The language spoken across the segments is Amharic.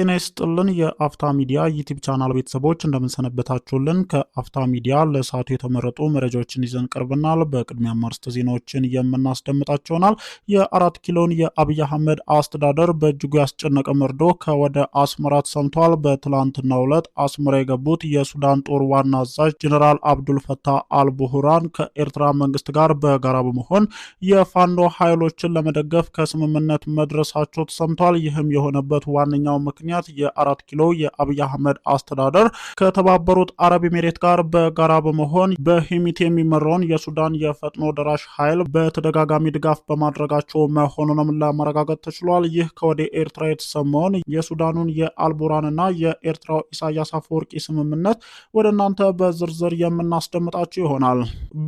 ጤና ይስጥልን የአፍታ ሚዲያ ዩቲብ ቻናል ቤተሰቦች እንደምንሰነበታችሁልን። ከአፍታ ሚዲያ ለሰዓቱ የተመረጡ መረጃዎችን ይዘን ቀርበናል። በቅድሚያ ማርስት ዜናዎችን የምናስደምጣችሆናል። የአራት ኪሎን የአብይ አህመድ አስተዳደር በእጅጉ ያስጨነቀ መርዶ ከወደ አስመራ ተሰምቷል። በትላንትናው ዕለት አስመራ የገቡት የሱዳን ጦር ዋና አዛዥ ጀኔራል አብዱልፈታ አልቡሁራን ከኤርትራ መንግስት ጋር በጋራ በመሆን የፋኖ ኃይሎችን ለመደገፍ ከስምምነት መድረሳቸው ተሰምቷል። ይህም የሆነበት ዋነኛው ምክ ምክንያት የአራት ኪሎ የአብይ አህመድ አስተዳደር ከተባበሩት አረብ ኤሚሬት ጋር በጋራ በመሆን በሂሚቲ የሚመራውን የሱዳን የፈጥኖ ደራሽ ኃይል በተደጋጋሚ ድጋፍ በማድረጋቸው መሆኑንም ለማረጋገጥ ተችሏል። ይህ ከወደ ኤርትራ የተሰማውን የሱዳኑን የአልቡራንና የኤርትራው ኢሳያስ አፈወርቂ ስምምነት ወደ እናንተ በዝርዝር የምናስደምጣቸው ይሆናል።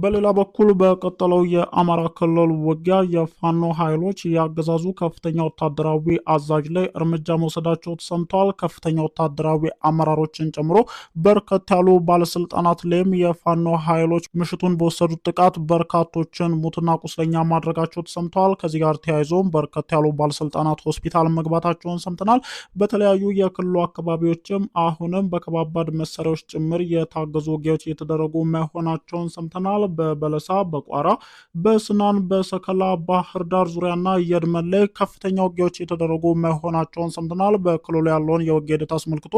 በሌላ በኩል በቀጠለው የአማራ ክልል ውጊያ የፋኖ ኃይሎች ያገዛዙ ከፍተኛ ወታደራዊ አዛዥ ላይ እርምጃ መውሰዳቸው ሰምተዋል። ከፍተኛ ወታደራዊ አመራሮችን ጨምሮ በርከት ያሉ ባለስልጣናት ላይም የፋኖ ኃይሎች ምሽቱን በወሰዱት ጥቃት በርካቶችን ሙትና ቁስለኛ ማድረጋቸው ተሰምተዋል። ከዚህ ጋር ተያይዞም በርከት ያሉ ባለስልጣናት ሆስፒታል መግባታቸውን ሰምተናል። በተለያዩ የክልሉ አካባቢዎችም አሁንም በከባባድ መሳሪያዎች ጭምር የታገዙ ውጊያዎች እየተደረጉ መሆናቸውን ሰምተናል። በበለሳ፣ በቋራ፣ በስናን፣ በሰከላ፣ ባህር ዳር ዙሪያና የድመን ላይ ከፍተኛ ውጊያዎች የተደረጉ መሆናቸውን ሰምተናል። በክ በክልሉ ያለውን የውጊያ ሂደት አስመልክቶ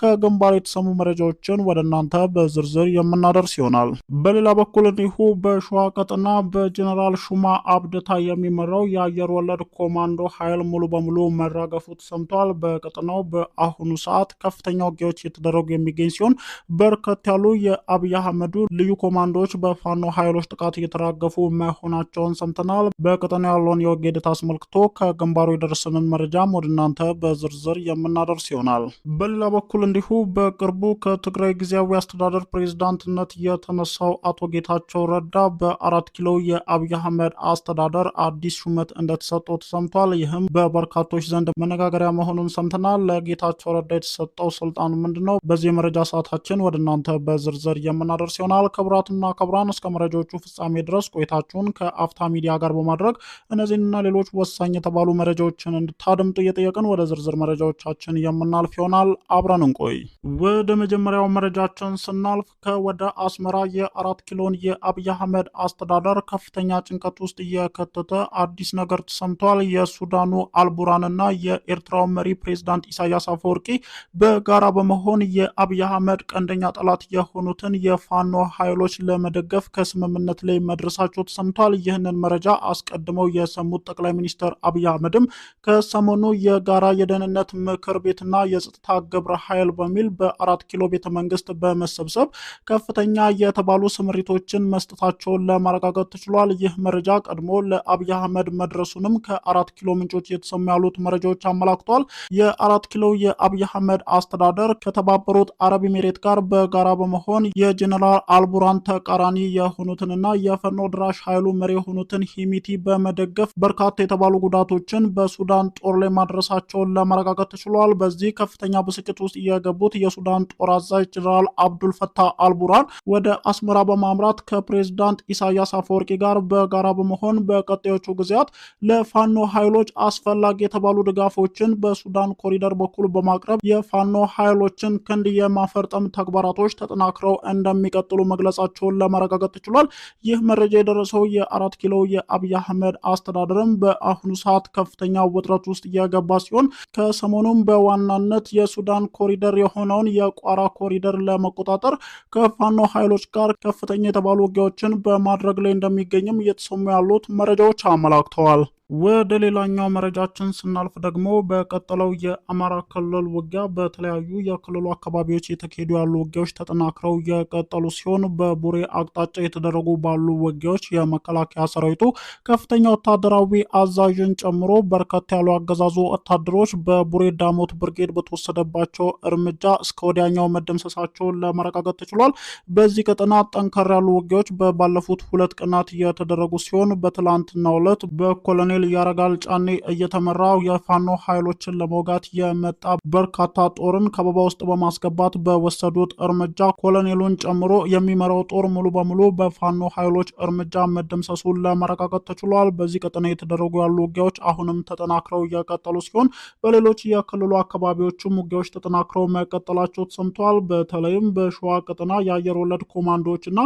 ከግንባር የተሰሙ መረጃዎችን ወደ እናንተ በዝርዝር የምናደርስ ይሆናል። በሌላ በኩል እንዲሁ በሸዋ ቀጠና በጀኔራል ሹማ አብደታ የሚመራው የአየር ወለድ ኮማንዶ ኃይል ሙሉ በሙሉ መራገፉ ተሰምቷል። በቀጠናው በአሁኑ ሰዓት ከፍተኛ ውጊያዎች እየተደረጉ የሚገኝ ሲሆን በርከት ያሉ የአብይ አህመዱ ልዩ ኮማንዶዎች በፋኖ ኃይሎች ጥቃት እየተራገፉ መሆናቸውን ሰምተናል። በቀጠናው ያለውን የውጊያ ሂደት አስመልክቶ ከግንባሩ የደረሰንን መረጃም ወደ እናንተ በዝርዝር የምናደርስ ይሆናል። በሌላ በኩል እንዲሁ በቅርቡ ከትግራይ ጊዜያዊ አስተዳደር ፕሬዝዳንትነት የተነሳው አቶ ጌታቸው ረዳ በአራት ኪሎ የአብይ አህመድ አስተዳደር አዲስ ሹመት እንደተሰጠው ተሰምቷል። ይህም በበርካቶች ዘንድ መነጋገሪያ መሆኑን ሰምተናል። ለጌታቸው ረዳ የተሰጠው ስልጣን ምንድን ነው? በዚህ የመረጃ ሰዓታችን ወደ እናንተ በዝርዝር የምናደርስ ይሆናል። ክቡራትና ክቡራን እስከ መረጃዎቹ ፍጻሜ ድረስ ቆይታችሁን ከአፍታ ሚዲያ ጋር በማድረግ እነዚህንና ሌሎች ወሳኝ የተባሉ መረጃዎችን እንድታደምጡ እየጠየቅን ወደ ዝርዝር መረጃዎች ቆይታችን የምናልፍ ይሆናል። አብረን እንቆይ። ወደ መጀመሪያው መረጃችን ስናልፍ ከወደ አስመራ የአራት ኪሎን የአብይ አህመድ አስተዳደር ከፍተኛ ጭንቀት ውስጥ የከተተ አዲስ ነገር ተሰምቷል። የሱዳኑ አልቡራንና የኤርትራው መሪ ፕሬዚዳንት ኢሳያስ አፈወርቂ በጋራ በመሆን የአብይ አህመድ ቀንደኛ ጠላት የሆኑትን የፋኖ ኃይሎች ለመደገፍ ከስምምነት ላይ መድረሳቸው ተሰምቷል። ይህንን መረጃ አስቀድመው የሰሙት ጠቅላይ ሚኒስትር አብይ አህመድም ከሰሞኑ የጋራ የደህንነት ምክር ቤትና የጸጥታ ግብረ ኃይል በሚል በአራት ኪሎ ቤተ መንግስት በመሰብሰብ ከፍተኛ የተባሉ ስምሪቶችን መስጠታቸውን ለማረጋገጥ ተችሏል። ይህ መረጃ ቀድሞ ለአብይ አህመድ መድረሱንም ከአራት ኪሎ ምንጮች የተሰሙ ያሉት መረጃዎች አመላክቷል። የአራት ኪሎ የአብይ አህመድ አስተዳደር ከተባበሩት አረብ ኤሜሬት ጋር በጋራ በመሆን የጀኔራል አልቡራን ተቃራኒ የሆኑትንና የፈኖ ድራሽ ኃይሉ መሪ የሆኑትን ሂሚቲ በመደገፍ በርካታ የተባሉ ጉዳቶችን በሱዳን ጦር ላይ ማድረሳቸውን ለማረጋገጥ ተችሏል። በዚህ ከፍተኛ ብስጭት ውስጥ የገቡት የሱዳን ጦር አዛዥ ጀነራል አብዱል አልቡራን ወደ አስመራ በማምራት ከፕሬዝዳንት ኢሳያስ አፈወርቂ ጋር በጋራ በመሆን በቀጣዮቹ ጊዜያት ለፋኖ ኃይሎች አስፈላጊ የተባሉ ድጋፎችን በሱዳን ኮሪደር በኩል በማቅረብ የፋኖ ኃይሎችን ክንድ የማፈርጠም ተግባራቶች ተጠናክረው እንደሚቀጥሉ መግለጻቸውን ለማረጋገጥ ችሏል። ይህ መረጃ የደረሰው የአራት ኪሎ የአብይ አህመድ አስተዳደርም በአሁኑ ሰዓት ከፍተኛ ውጥረት ውስጥ እየገባ ሲሆን ከሰሞኑ ሆኖም በዋናነት የሱዳን ኮሪደር የሆነውን የቋራ ኮሪደር ለመቆጣጠር ከፋኖ ኃይሎች ጋር ከፍተኛ የተባሉ ውጊያዎችን በማድረግ ላይ እንደሚገኝም እየተሰሙ ያሉት መረጃዎች አመላክተዋል። ወደ ሌላኛው መረጃችን ስናልፍ ደግሞ በቀጠለው የአማራ ክልል ውጊያ በተለያዩ የክልሉ አካባቢዎች የተካሄዱ ያሉ ውጊያዎች ተጠናክረው የቀጠሉ ሲሆን በቡሬ አቅጣጫ የተደረጉ ባሉ ውጊያዎች የመከላከያ ሰራዊቱ ከፍተኛ ወታደራዊ አዛዥን ጨምሮ በርከት ያሉ አገዛዙ ወታደሮች በቡሬ ዳሞት ብርጌድ በተወሰደባቸው እርምጃ እስከ ወዲያኛው መደምሰሳቸውን ለማረጋገጥ ተችሏል። በዚህ ቀጠና ጠንከር ያሉ ውጊያዎች በባለፉት ሁለት ቀናት የተደረጉ ሲሆን በትላንትናው ዕለት በኮሎኔል ድል ያረጋል ጫኔ እየተመራው የፋኖ ኃይሎችን ለመውጋት የመጣ በርካታ ጦርን ከበባ ውስጥ በማስገባት በወሰዱት እርምጃ ኮሎኔሉን ጨምሮ የሚመራው ጦር ሙሉ በሙሉ በፋኖ ኃይሎች እርምጃ መደምሰሱን ለማረጋገጥ ተችሏል። በዚህ ቀጠና የተደረጉ ያሉ ውጊያዎች አሁንም ተጠናክረው እየቀጠሉ ሲሆን በሌሎች የክልሉ አካባቢዎችም ውጊያዎች ተጠናክረው መቀጠላቸው ተሰምተዋል። በተለይም በሸዋ ቀጠና የአየር ወለድ ኮማንዶዎች እና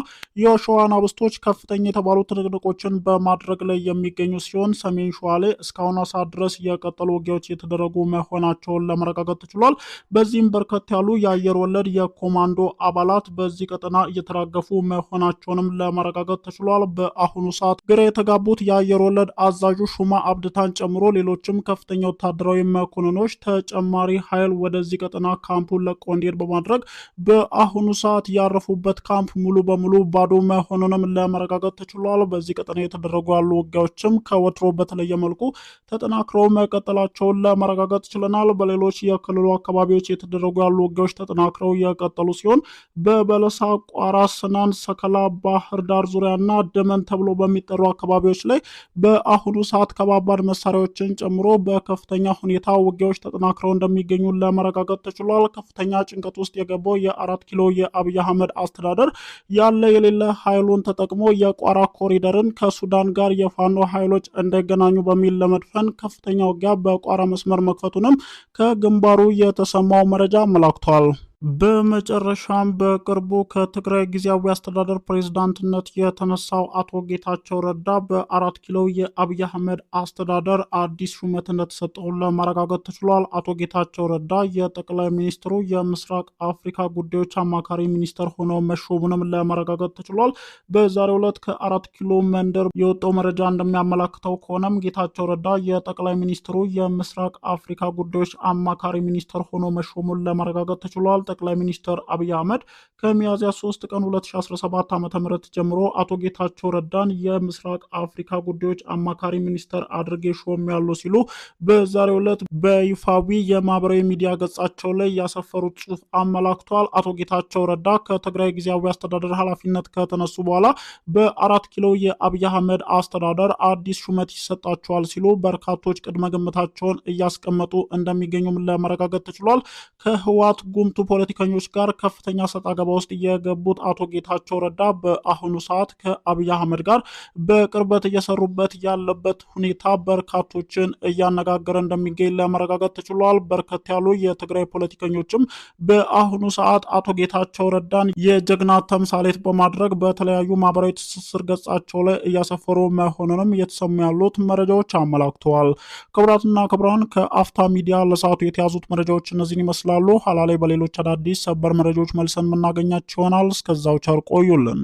የሸዋ ናብስቶች ከፍተኛ የተባሉ ትንቅንቆችን በማድረግ ላይ የሚገኙ ሲሆን ሰሜን ሰሜን ሸዋ ላይ እስካሁን አሳ ድረስ የቀጠሉ ውጊያዎች የተደረጉ መሆናቸውን ለመረጋገጥ ተችሏል። በዚህም በርከት ያሉ የአየር ወለድ የኮማንዶ አባላት በዚህ ቀጠና እየተራገፉ መሆናቸውንም ለመረጋገጥ ተችሏል። በአሁኑ ሰዓት ግራ የተጋቡት የአየር ወለድ አዛዡ ሹማ አብድታን ጨምሮ ሌሎችም ከፍተኛ ወታደራዊ መኮንኖች ተጨማሪ ኃይል ወደዚህ ቀጠና ካምፑን ለቆ እንዲሄድ በማድረግ በአሁኑ ሰዓት ያረፉበት ካምፕ ሙሉ በሙሉ ባዶ መሆኑንም ለመረጋገጥ ተችሏል። በዚህ ቀጠና የተደረጉ ያሉ ውጊያዎችም ከወትሮ በተ በተለየ መልኩ ተጠናክረው መቀጠላቸውን ለመረጋገጥ ችለናል። በሌሎች የክልሉ አካባቢዎች የተደረጉ ያሉ ውጊያዎች ተጠናክረው የቀጠሉ ሲሆን በበለሳ፣ ቋራ፣ ስናን፣ ሰከላ፣ ባህር ዳር ዙሪያና ደመን ተብሎ በሚጠሩ አካባቢዎች ላይ በአሁኑ ሰዓት ከባባድ መሳሪያዎችን ጨምሮ በከፍተኛ ሁኔታ ውጊያዎች ተጠናክረው እንደሚገኙ ለመረጋገጥ ተችሏል። ከፍተኛ ጭንቀት ውስጥ የገባው የአራት ኪሎ የአብይ አህመድ አስተዳደር ያለ የሌለ ኃይሉን ተጠቅሞ የቋራ ኮሪደርን ከሱዳን ጋር የፋኖ ኃይሎች እንደገና ተገናኙ በሚል ለመድፈን ከፍተኛ ውጊያ በቋራ መስመር መክፈቱንም ከግንባሩ የተሰማው መረጃ አመላክቷል። በመጨረሻም በቅርቡ ከትግራይ ጊዜያዊ አስተዳደር ፕሬዝዳንትነት የተነሳው አቶ ጌታቸው ረዳ በአራት ኪሎ የአብይ አህመድ አስተዳደር አዲስ ሹመት እንደተሰጠውን ለማረጋገጥ ተችሏል። አቶ ጌታቸው ረዳ የጠቅላይ ሚኒስትሩ የምስራቅ አፍሪካ ጉዳዮች አማካሪ ሚኒስተር ሆነው መሾቡንም ለማረጋገጥ ተችሏል። በዛሬው ዕለት ከአራት ኪሎ መንደር የወጣው መረጃ እንደሚያመላክተው ከሆነም ጌታቸው ረዳ የጠቅላይ ሚኒስትሩ የምስራቅ አፍሪካ ጉዳዮች አማካሪ ሚኒስተር ሆኖ መሾሙን ለማረጋገጥ ተችሏል። ጠቅላይ ሚኒስትር አብይ አህመድ ከሚያዝያ 3 ቀን 2017 ዓ ም ጀምሮ አቶ ጌታቸው ረዳን የምስራቅ አፍሪካ ጉዳዮች አማካሪ ሚኒስተር አድርጌ ሾም ያሉ ሲሉ በዛሬው ዕለት በይፋዊ የማህበራዊ ሚዲያ ገጻቸው ላይ ያሰፈሩት ጽሑፍ አመላክቷል። አቶ ጌታቸው ረዳ ከትግራይ ጊዜያዊ አስተዳደር ኃላፊነት ከተነሱ በኋላ በአራት ኪሎ የአብይ አህመድ አስተዳደር አዲስ ሹመት ይሰጣቸዋል ሲሉ በርካቶች ቅድመ ግምታቸውን እያስቀመጡ እንደሚገኙም ለመረጋገጥ ተችሏል። ከህዋት ጉምቱ ፖለቲ ፖለቲከኞች ጋር ከፍተኛ ሰጥ አገባ ውስጥ የገቡት አቶ ጌታቸው ረዳ በአሁኑ ሰዓት ከአብይ አህመድ ጋር በቅርበት እየሰሩበት ያለበት ሁኔታ በርካቶችን እያነጋገረ እንደሚገኝ ለመረጋገጥ ተችሏል። በርከት ያሉ የትግራይ ፖለቲከኞችም በአሁኑ ሰዓት አቶ ጌታቸው ረዳን የጀግና ተምሳሌት በማድረግ በተለያዩ ማህበራዊ ትስስር ገጻቸው ላይ እያሰፈሩ መሆኑንም እየተሰሙ ያሉት መረጃዎች አመላክተዋል። ክቡራትና ክቡራን ከአፍታ ሚዲያ ለሰዓቱ የተያዙት መረጃዎች እነዚህን ይመስላሉ። ኋላ ላይ በሌሎች አዳዲስ ሰበር መረጃዎች መልሰን የምናገኛቸው ይሆናል። እስከዛው ቸር ቆዩልን።